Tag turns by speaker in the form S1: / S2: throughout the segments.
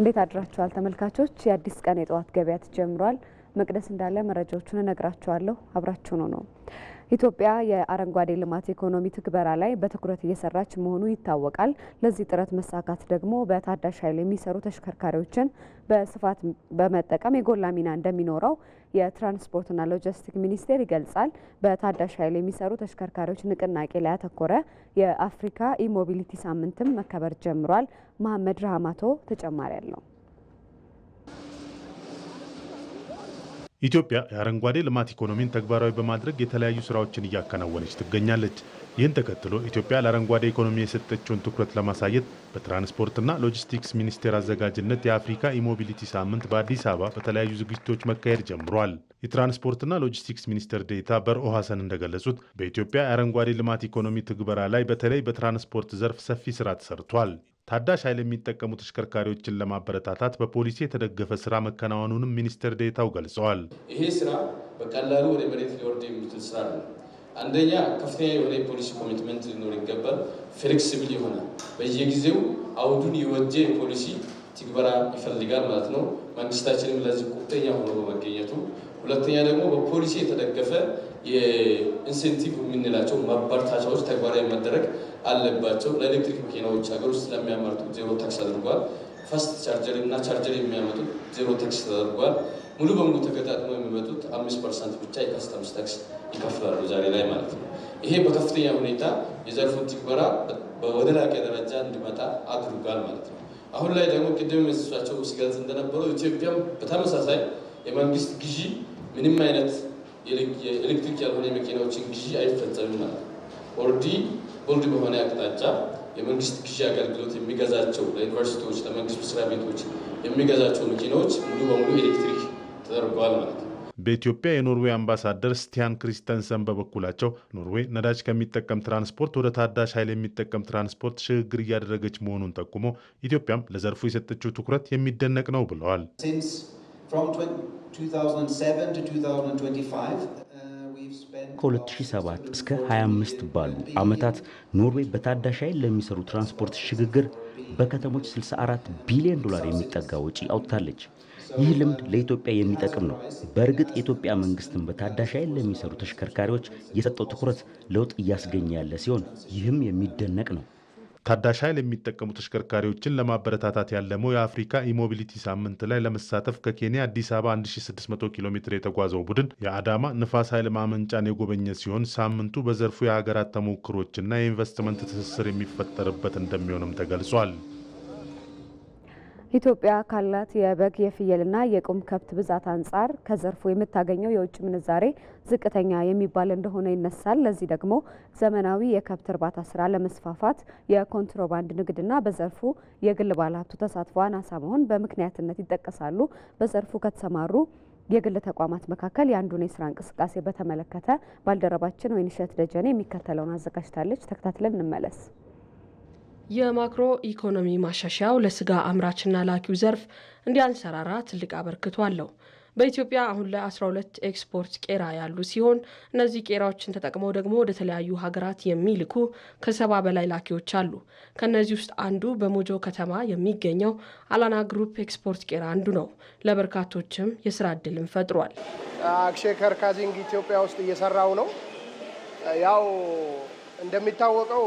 S1: እንዴት አድራችኋል ተመልካቾች? የአዲስ ቀን የጠዋት ገበያ ተጀምሯል። መቅደስ እንዳለ መረጃዎቹን እነግራችኋለሁ። አብራችሁ ነው። ኢትዮጵያ የአረንጓዴ ልማት ኢኮኖሚ ትግበራ ላይ በትኩረት እየሰራች መሆኑ ይታወቃል። ለዚህ ጥረት መሳካት ደግሞ በታዳሽ ኃይል የሚሰሩ ተሽከርካሪዎችን በስፋት በመጠቀም የጎላ ሚና እንደሚኖረው የትራንስፖርትና ሎጂስቲክ ሚኒስቴር ይገልጻል። በታዳሽ ኃይል የሚሰሩ ተሽከርካሪዎች ንቅናቄ ላይ ያተኮረ የአፍሪካ ኢሞቢሊቲ ሳምንትም መከበር ጀምሯል። መሀመድ ረሃማቶ ተጨማሪ አለው።
S2: ኢትዮጵያ የአረንጓዴ ልማት ኢኮኖሚን ተግባራዊ በማድረግ የተለያዩ ስራዎችን እያከናወነች ትገኛለች። ይህን ተከትሎ ኢትዮጵያ ለአረንጓዴ ኢኮኖሚ የሰጠችውን ትኩረት ለማሳየት በትራንስፖርትና ሎጂስቲክስ ሚኒስቴር አዘጋጅነት የአፍሪካ ኢሞቢሊቲ ሳምንት በአዲስ አበባ በተለያዩ ዝግጅቶች መካሄድ ጀምሯል። የትራንስፖርትና ሎጂስቲክስ ሚኒስቴር ዴታ በርኦ ሐሰን እንደገለጹት በኢትዮጵያ የአረንጓዴ ልማት ኢኮኖሚ ትግበራ ላይ በተለይ በትራንስፖርት ዘርፍ ሰፊ ስራ ተሰርቷል። ታዳሽ ኃይል የሚጠቀሙ ተሽከርካሪዎችን ለማበረታታት በፖሊሲ የተደገፈ ስራ መከናወኑንም ሚኒስትር ዴታው ገልጸዋል።
S3: ይሄ ስራ በቀላሉ ወደ መሬት ሊወርድ የሚችል ስራ ነው። አንደኛ ከፍተኛ የሆነ የፖሊሲ ኮሚትመንት ሊኖር ይገባል። ፍሌክሲብል የሆነ በየጊዜው አውዱን የወጀ የፖሊሲ ትግበራ ይፈልጋል ማለት ነው። መንግስታችንም ለዚህ ቁርጠኛ ሆኖ በመገኘቱ፣ ሁለተኛ ደግሞ በፖሊሲ የተደገፈ የኢንሴንቲቭ የምንላቸው ማበረታቻዎች ተግባራዊ መደረግ አለባቸው። ለኤሌክትሪክ መኪናዎች ሀገር ውስጥ ስለሚያመርቱ ዜሮ ታክስ አድርጓል። ፈስት ቻርጀር እና ቻርጀር የሚያመጡት ዜሮ ታክስ ተደርጓል። ሙሉ በሙሉ ተገጣጥሞ የሚመጡት አምስት ፐርሰንት ብቻ የካስተምስ ታክስ ይከፍላሉ ዛሬ ላይ ማለት ነው። ይሄ በከፍተኛ ሁኔታ የዘርፉን ትግበራ ወደ ላቀ ደረጃ እንዲመጣ አድርጓል ማለት ነው። አሁን ላይ ደግሞ ቅድም የሰሷቸው ስገልጽ እንደነበረው ኢትዮጵያም በተመሳሳይ የመንግስት ግዢ ምንም አይነት የኤሌክትሪክ ያልሆነ መኪናዎችን ግዢ አይፈጸምም ማለት ኦርዲ ቦልድ በሆነ አቅጣጫ የመንግስት ግዢ አገልግሎት የሚገዛቸው ለዩኒቨርሲቲዎች፣ ለመንግስት መስሪያ ቤቶች የሚገዛቸው መኪናዎች ሙሉ በሙሉ ኤሌክትሪክ ተደርገዋል ማለት ነው።
S2: በኢትዮጵያ የኖርዌይ አምባሳደር ስቲያን ክሪስተንሰን በበኩላቸው ኖርዌይ ነዳጅ ከሚጠቀም ትራንስፖርት ወደ ታዳሽ ኃይል የሚጠቀም ትራንስፖርት ሽግግር እያደረገች መሆኑን ጠቁሞ ኢትዮጵያም ለዘርፉ የሰጠችው ትኩረት የሚደነቅ ነው ብለዋል።
S4: ከ2007 እስከ 25 ባሉ ዓመታት ኖርዌይ በታዳሽ ኃይል ለሚሰሩ ትራንስፖርት ሽግግር በከተሞች 64 ቢሊዮን ዶላር የሚጠጋ ወጪ አውጥታለች። ይህ ልምድ ለኢትዮጵያ የሚጠቅም ነው። በእርግጥ የኢትዮጵያ መንግስትም በታዳሽ ኃይል ለሚሰሩ ተሽከርካሪዎች የሰጠው ትኩረት ለውጥ እያስገኘ ያለ ሲሆን ይህም የሚደነቅ ነው።
S2: ታዳሽ ኃይል የሚጠቀሙ ተሽከርካሪዎችን ለማበረታታት ያለመው የአፍሪካ ኢሞቢሊቲ ሳምንት ላይ ለመሳተፍ ከኬንያ አዲስ አበባ 1600 ኪሎ ሜትር የተጓዘው ቡድን የአዳማ ንፋስ ኃይል ማመንጫን የጎበኘ ሲሆን ሳምንቱ በዘርፉ የሀገራት ተሞክሮችና የኢንቨስትመንት ትስስር የሚፈጠርበት እንደሚሆንም ተገልጿል።
S1: ኢትዮጵያ ካላት የበግ የፍየልና የቁም ከብት ብዛት አንጻር ከዘርፉ የምታገኘው የውጭ ምንዛሬ ዝቅተኛ የሚባል እንደሆነ ይነሳል። ለዚህ ደግሞ ዘመናዊ የከብት እርባታ ስራ ለመስፋፋት የኮንትሮባንድ ንግድና በዘርፉ የግል ባለሀብቱ ተሳትፎ አናሳ መሆን በምክንያትነት ይጠቀሳሉ። በዘርፉ ከተሰማሩ የግል ተቋማት መካከል የአንዱን የስራ እንቅስቃሴ በተመለከተ ባልደረባችን ወይንሸት ደጀኔ የሚከተለውን አዘጋጅታለች። ተከታትለን እንመለስ።
S5: የማክሮ ኢኮኖሚ ማሻሻያው ለስጋ አምራችና ላኪው ዘርፍ እንዲያንሰራራ ትልቅ አበርክቶ አለው። በኢትዮጵያ አሁን ላይ 12 ኤክስፖርት ቄራ ያሉ ሲሆን እነዚህ ቄራዎችን ተጠቅመው ደግሞ ወደ ተለያዩ ሀገራት የሚልኩ ከሰባ በላይ ላኪዎች አሉ። ከእነዚህ ውስጥ አንዱ በሞጆ ከተማ የሚገኘው አላና ግሩፕ ኤክስፖርት ቄራ አንዱ ነው። ለበርካቶችም የስራ እድልን ፈጥሯል።
S6: አክሼ ከርካዚንግ ኢትዮጵያ ውስጥ እየሰራው ነው። ያው እንደሚታወቀው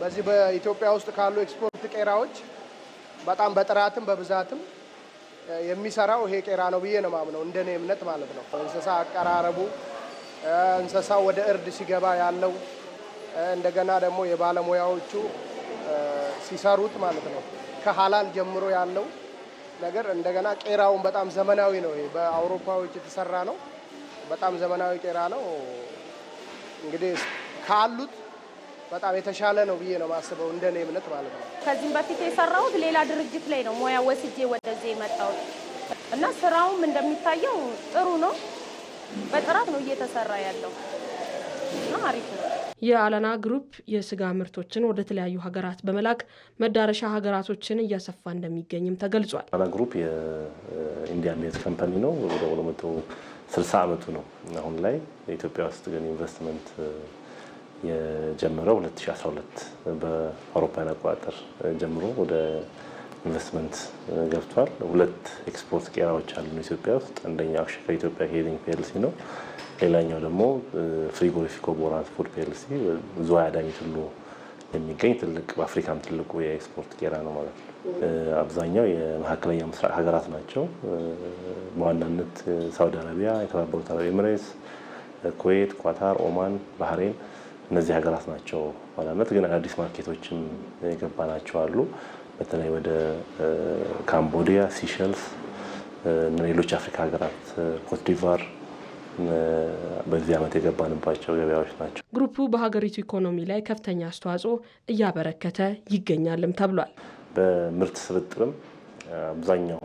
S6: በዚህ በኢትዮጵያ ውስጥ ካሉ ኤክስፖርት ቄራዎች በጣም በጥራትም በብዛትም የሚሰራው ይሄ ቄራ ነው ብዬ ነው ማምነው፣ እንደኔ እምነት ማለት ነው። እንስሳ አቀራረቡ፣ እንስሳው ወደ እርድ ሲገባ ያለው እንደገና ደግሞ የባለሙያዎቹ ሲሰሩት ማለት ነው ከሀላል ጀምሮ ያለው ነገር እንደገና ቄራውን በጣም ዘመናዊ ነው። ይሄ በአውሮፓዎች የተሰራ ነው። በጣም ዘመናዊ ቄራ ነው። እንግዲህ ካሉት በጣም የተሻለ ነው ብዬ ነው የማስበው፣ እንደኔ እምነት ማለት ነው።
S7: ከዚህም በፊት የሰራሁት ሌላ ድርጅት ላይ ነው ሙያ ወስጄ ወደዚህ የመጣሁት እና ስራውም እንደሚታየው ጥሩ ነው። በጥራት ነው እየተሰራ ያለው
S5: እና አሪፍ ነው። የአለና ግሩፕ የስጋ ምርቶችን ወደ ተለያዩ ሀገራት በመላክ መዳረሻ ሀገራቶችን እያሰፋ እንደሚገኝም ተገልጿል።
S8: አለና ግሩፕ የኢንዲያን ቤዝ ካምፓኒ ነው። ወደ 260 ዓመቱ ነው አሁን ላይ ኢትዮጵያ ውስጥ ግን ኢንቨስትመንት የጀመረው 2012 በአውሮፓውያን አቆጣጠር ጀምሮ ወደ ኢንቨስትመንት ገብቷል። ሁለት ኤክስፖርት ቄራዎች አሉ ኢትዮጵያ ውስጥ። አንደኛው አክሽካ ኢትዮጵያ ሄሪንግ ፔልሲ ነው። ሌላኛው ደግሞ ፍሪጎሪፊኮ ቦራን ፉድ ፔልሲ ዙዋይ አዳሚ ትሉ የሚገኝ ትልቅ በአፍሪካም ትልቁ የኤክስፖርት ቄራ ነው ማለት ነው። አብዛኛው የመካከለኛ ምስራቅ ሀገራት ናቸው። በዋናነት ሳውዲ አረቢያ፣ የተባበሩት አረብ ኤምሬትስ፣ ኩዌት፣ ኳታር፣ ኦማን፣ ባህሬን እነዚህ ሀገራት ናቸው። ባለመት ግን አዳዲስ ማርኬቶችም የገባናቸው አሉ። በተለይ ወደ ካምቦዲያ፣ ሲሸልስ እና ሌሎች አፍሪካ ሀገራት ኮትዲቫር በዚህ ዓመት የገባንባቸው ገበያዎች ናቸው።
S5: ግሩፑ በሀገሪቱ ኢኮኖሚ ላይ ከፍተኛ አስተዋጽኦ እያበረከተ ይገኛልም ተብሏል።
S9: በምርት ስብጥርም አብዛኛው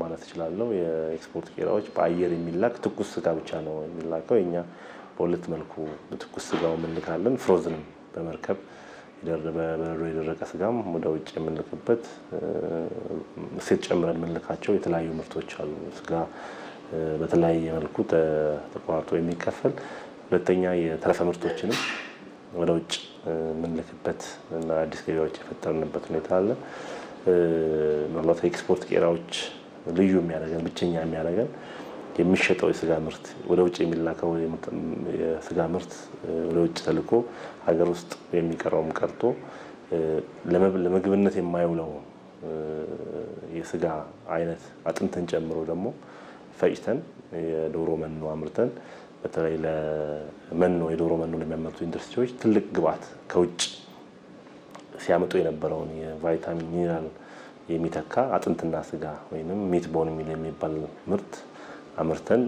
S9: ማለት እችላለሁ የኤክስፖርት ቄራዎች በአየር የሚላክ ትኩስ ስጋ ብቻ ነው የሚላከው የኛ በሁለት መልኩ በትኩስ ስጋው እንልካለን። ፍሮዝን በመርከብ በበረዶ የደረቀ ስጋም ወደ ውጭ የምንልክበት እሴት ጨምረን የምንልካቸው የተለያዩ ምርቶች አሉ። ስጋ በተለያየ መልኩ ተቋርጦ የሚከፈል ሁለተኛ የተረፈ ምርቶችንም ወደ ውጭ የምንልክበት እና አዲስ ገበያዎች የፈጠርንበት ሁኔታ አለ። ምናልባት ኤክስፖርት ቄራዎች ልዩ የሚያደርገን ብቸኛ የሚያደርገን የሚሸጠው የስጋ ምርት ወደ ውጭ የሚላከው የስጋ ምርት ወደ ውጭ ተልኮ ሀገር ውስጥ የሚቀረውም ቀርቶ ለምግብነት የማይውለው የስጋ አይነት አጥንትን ጨምሮ ደግሞ ፈጭተን የዶሮ መኖ አምርተን በተለይ ለመኖ የዶሮ መኖ ለሚያመርቱ ኢንዱስትሪዎች ትልቅ ግብዓት ከውጭ ሲያመጡ የነበረውን የቫይታሚን ሚኒራል የሚተካ አጥንትና ስጋ ወይም ሚት ቦን የሚል የሚባል ምርት አምርተን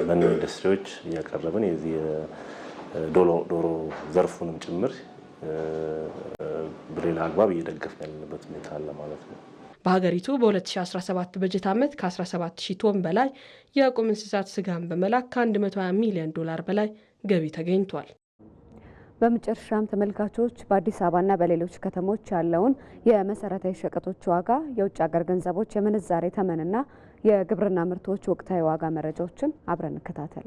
S9: ለመኖ ኢንዱስትሪዎች እያቀረብን የዚህ ዶሮ ዘርፉንም ጭምር በሌላ አግባብ እየደገፍን ያለንበት ሁኔታ አለ ማለት ነው።
S5: በሀገሪቱ በ2017 በጀት ዓመት ከ 17 ቶን በላይ የቁም እንስሳት ስጋን በመላክ ከ120 ሚሊዮን ዶላር በላይ ገቢ ተገኝቷል።
S1: በመጨረሻም ተመልካቾች በአዲስ አበባና በሌሎች ከተሞች ያለውን የመሰረታዊ ሸቀጦች ዋጋ፣ የውጭ ሀገር ገንዘቦች የምንዛሬ ተመንና የግብርና ምርቶች ወቅታዊ ዋጋ መረጃዎችን አብረን እንከታተል።